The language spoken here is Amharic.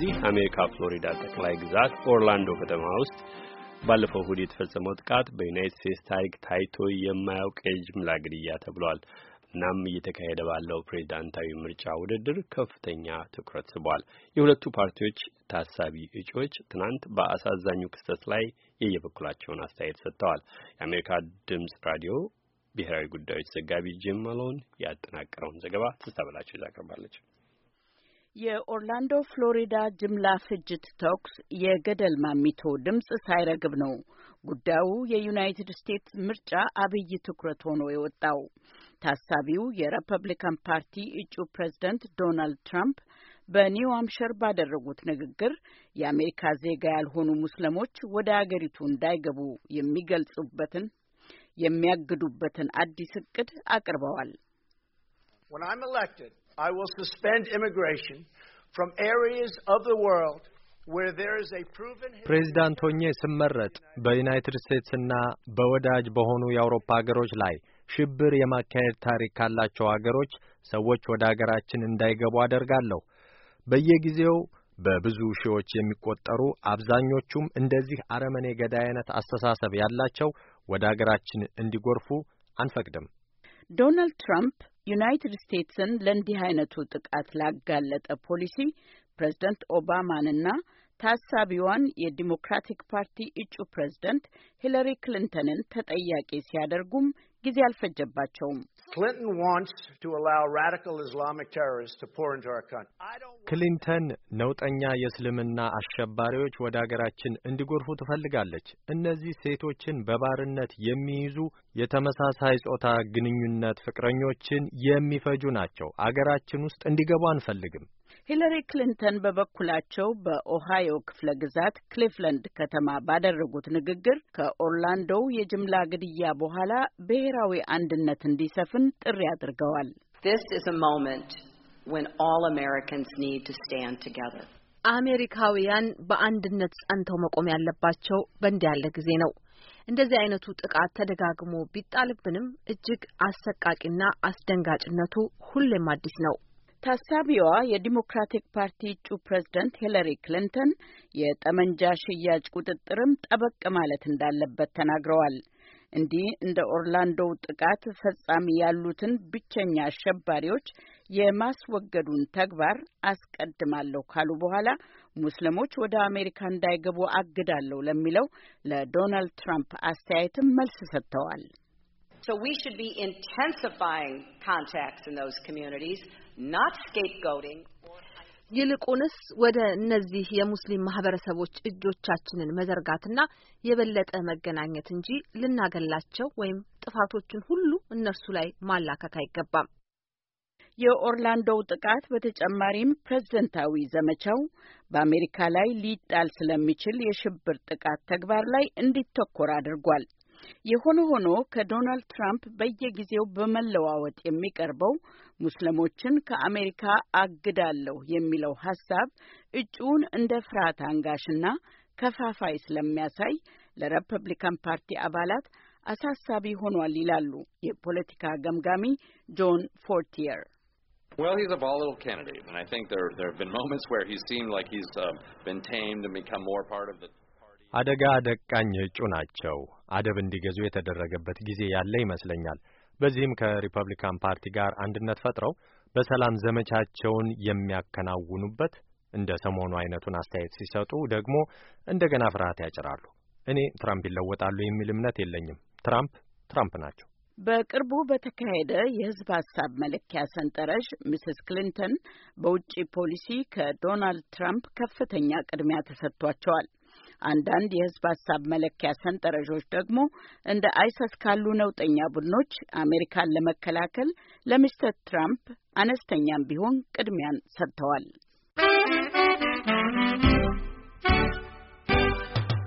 በዚህ አሜሪካ ፍሎሪዳ ጠቅላይ ግዛት ኦርላንዶ ከተማ ውስጥ ባለፈው እሁድ የተፈጸመው ጥቃት በዩናይት ስቴትስ ታሪክ ታይቶ የማያውቅ የጅምላ ግድያ ተብሏል። እናም እየተካሄደ ባለው ፕሬዝዳንታዊ ምርጫ ውድድር ከፍተኛ ትኩረት ስቧል። የሁለቱ ፓርቲዎች ታሳቢ እጩዎች ትናንት በአሳዛኙ ክስተት ላይ የየበኩላቸውን አስተያየት ሰጥተዋል። የአሜሪካ ድምጽ ራዲዮ ብሔራዊ ጉዳዮች ዘጋቢ ጅም ማሎን ያጠናቀረውን ዘገባ ትስታበላቸው ይዛ ቀርባለች። የኦርላንዶ ፍሎሪዳ ጅምላ ፍጅት ተኩስ የገደል ማሚቶ ድምፅ ሳይረግብ ነው ጉዳዩ የዩናይትድ ስቴትስ ምርጫ አብይ ትኩረት ሆኖ የወጣው። ታሳቢው የሪፐብሊካን ፓርቲ እጩ ፕሬዝደንት ዶናልድ ትራምፕ በኒው አምሸር ባደረጉት ንግግር የአሜሪካ ዜጋ ያልሆኑ ሙስሊሞች ወደ አገሪቱ እንዳይገቡ የሚገልጹበትን የሚያግዱበትን አዲስ እቅድ አቅርበዋል። When I'm elected, I will suspend immigration from areas of the world where there is a proven ፕሬዝዳንት ሆኜ ስመረጥ በዩናይትድ ስቴትስና በወዳጅ በሆኑ የአውሮፓ ሀገሮች ላይ ሽብር የማካሄድ ታሪክ ካላቸው ሀገሮች ሰዎች ወደ ሀገራችን እንዳይገቡ አደርጋለሁ። በየጊዜው በብዙ ሺዎች የሚቆጠሩ አብዛኞቹም እንደዚህ አረመኔ ገዳይ አይነት አስተሳሰብ ያላቸው ወደ ሀገራችን እንዲጎርፉ አንፈቅድም። ዶናልድ ትራምፕ ዩናይትድ ስቴትስን ለእንዲህ አይነቱ ጥቃት ላጋለጠ ፖሊሲ ፕሬዝደንት ኦባማንና ታሳቢዋን የዲሞክራቲክ ፓርቲ እጩ ፕሬዝደንት ሂለሪ ክሊንተንን ተጠያቂ ሲያደርጉም ጊዜ አልፈጀባቸውም። Clinton wants to allow radical Islamic terrorists to pour into our country. ክሊንተን ነውጠኛ የእስልምና አሸባሪዎች ወደ አገራችን እንዲጎርፉ ትፈልጋለች። እነዚህ ሴቶችን በባርነት የሚይዙ የተመሳሳይ ጾታ ግንኙነት ፍቅረኞችን የሚፈጁ ናቸው። አገራችን ውስጥ እንዲገቡ አንፈልግም። ሂለሪ ክሊንተን በበኩላቸው በኦሃዮ ክፍለ ግዛት ክሊፍለንድ ከተማ ባደረጉት ንግግር ከኦርላንዶው የጅምላ ግድያ በኋላ ብሔራዊ አንድነት እንዲሰፍን ጥሪ አድርገዋል። አሜሪካውያን በአንድነት ጸንተው መቆም ያለባቸው በእንዲህ ያለ ጊዜ ነው። እንደዚህ አይነቱ ጥቃት ተደጋግሞ ቢጣልብንም እጅግ አሰቃቂና አስደንጋጭነቱ ሁሌም አዲስ ነው። ታሳቢዋ የዲሞክራቲክ ፓርቲ እጩ ፕሬዝደንት ሂለሪ ክሊንተን የጠመንጃ ሽያጭ ቁጥጥርም ጠበቅ ማለት እንዳለበት ተናግረዋል። እንዲህ እንደ ኦርላንዶው ጥቃት ፈጻሚ ያሉትን ብቸኛ አሸባሪዎች የማስወገዱን ተግባር አስቀድማለሁ ካሉ በኋላ ሙስሊሞች ወደ አሜሪካ እንዳይገቡ አግዳለሁ ለሚለው ለዶናልድ ትራምፕ አስተያየትም መልስ ሰጥተዋል። So we should be intensifying contacts in those communities, not scapegoating. ይልቁንስ ወደ እነዚህ የሙስሊም ማህበረሰቦች እጆቻችንን መዘርጋትና የበለጠ መገናኘት እንጂ ልናገላቸው ወይም ጥፋቶችን ሁሉ እነርሱ ላይ ማላከክ አይገባም። የኦርላንዶው ጥቃት በተጨማሪም ፕሬዝደንታዊ ዘመቻው በአሜሪካ ላይ ሊጣል ስለሚችል የሽብር ጥቃት ተግባር ላይ እንዲተኮር አድርጓል። የሆነ ሆኖ ከዶናልድ ትራምፕ በየጊዜው በመለዋወጥ የሚቀርበው ሙስሊሞችን ከአሜሪካ አግዳለሁ የሚለው ሀሳብ እጩውን እንደ ፍርሃት አንጋሽና ከፋፋይ ስለሚያሳይ ለሪፐብሊካን ፓርቲ አባላት አሳሳቢ ሆኗል ይላሉ የፖለቲካ ገምጋሚ ጆን ፎርቲየር። Well, he's a volatile candidate, and I think there there have been moments where he seemed like he's uh, been tamed and become more part of the. አደጋ ደቃኝ እጩ ናቸው። አደብ እንዲገዙ የተደረገበት ጊዜ ያለ ይመስለኛል። በዚህም ከሪፐብሊካን ፓርቲ ጋር አንድነት ፈጥረው በሰላም ዘመቻቸውን የሚያከናውኑበት እንደ ሰሞኑ አይነቱን አስተያየት ሲሰጡ ደግሞ እንደገና ፍርሃት ያጭራሉ። እኔ ትራምፕ ይለወጣሉ የሚል እምነት የለኝም። ትራምፕ ትራምፕ ናቸው። በቅርቡ በተካሄደ የህዝብ ሀሳብ መለኪያ ሰንጠረዥ ሚስስ ክሊንተን በውጭ ፖሊሲ ከዶናልድ ትራምፕ ከፍተኛ ቅድሚያ ተሰጥቷቸዋል። አንዳንድ የህዝብ ሀሳብ መለኪያ ሰንጠረዦች ደግሞ እንደ አይሰስ ካሉ ነውጠኛ ቡድኖች አሜሪካን ለመከላከል ለሚስተር ትራምፕ አነስተኛም ቢሆን ቅድሚያን ሰጥተዋል።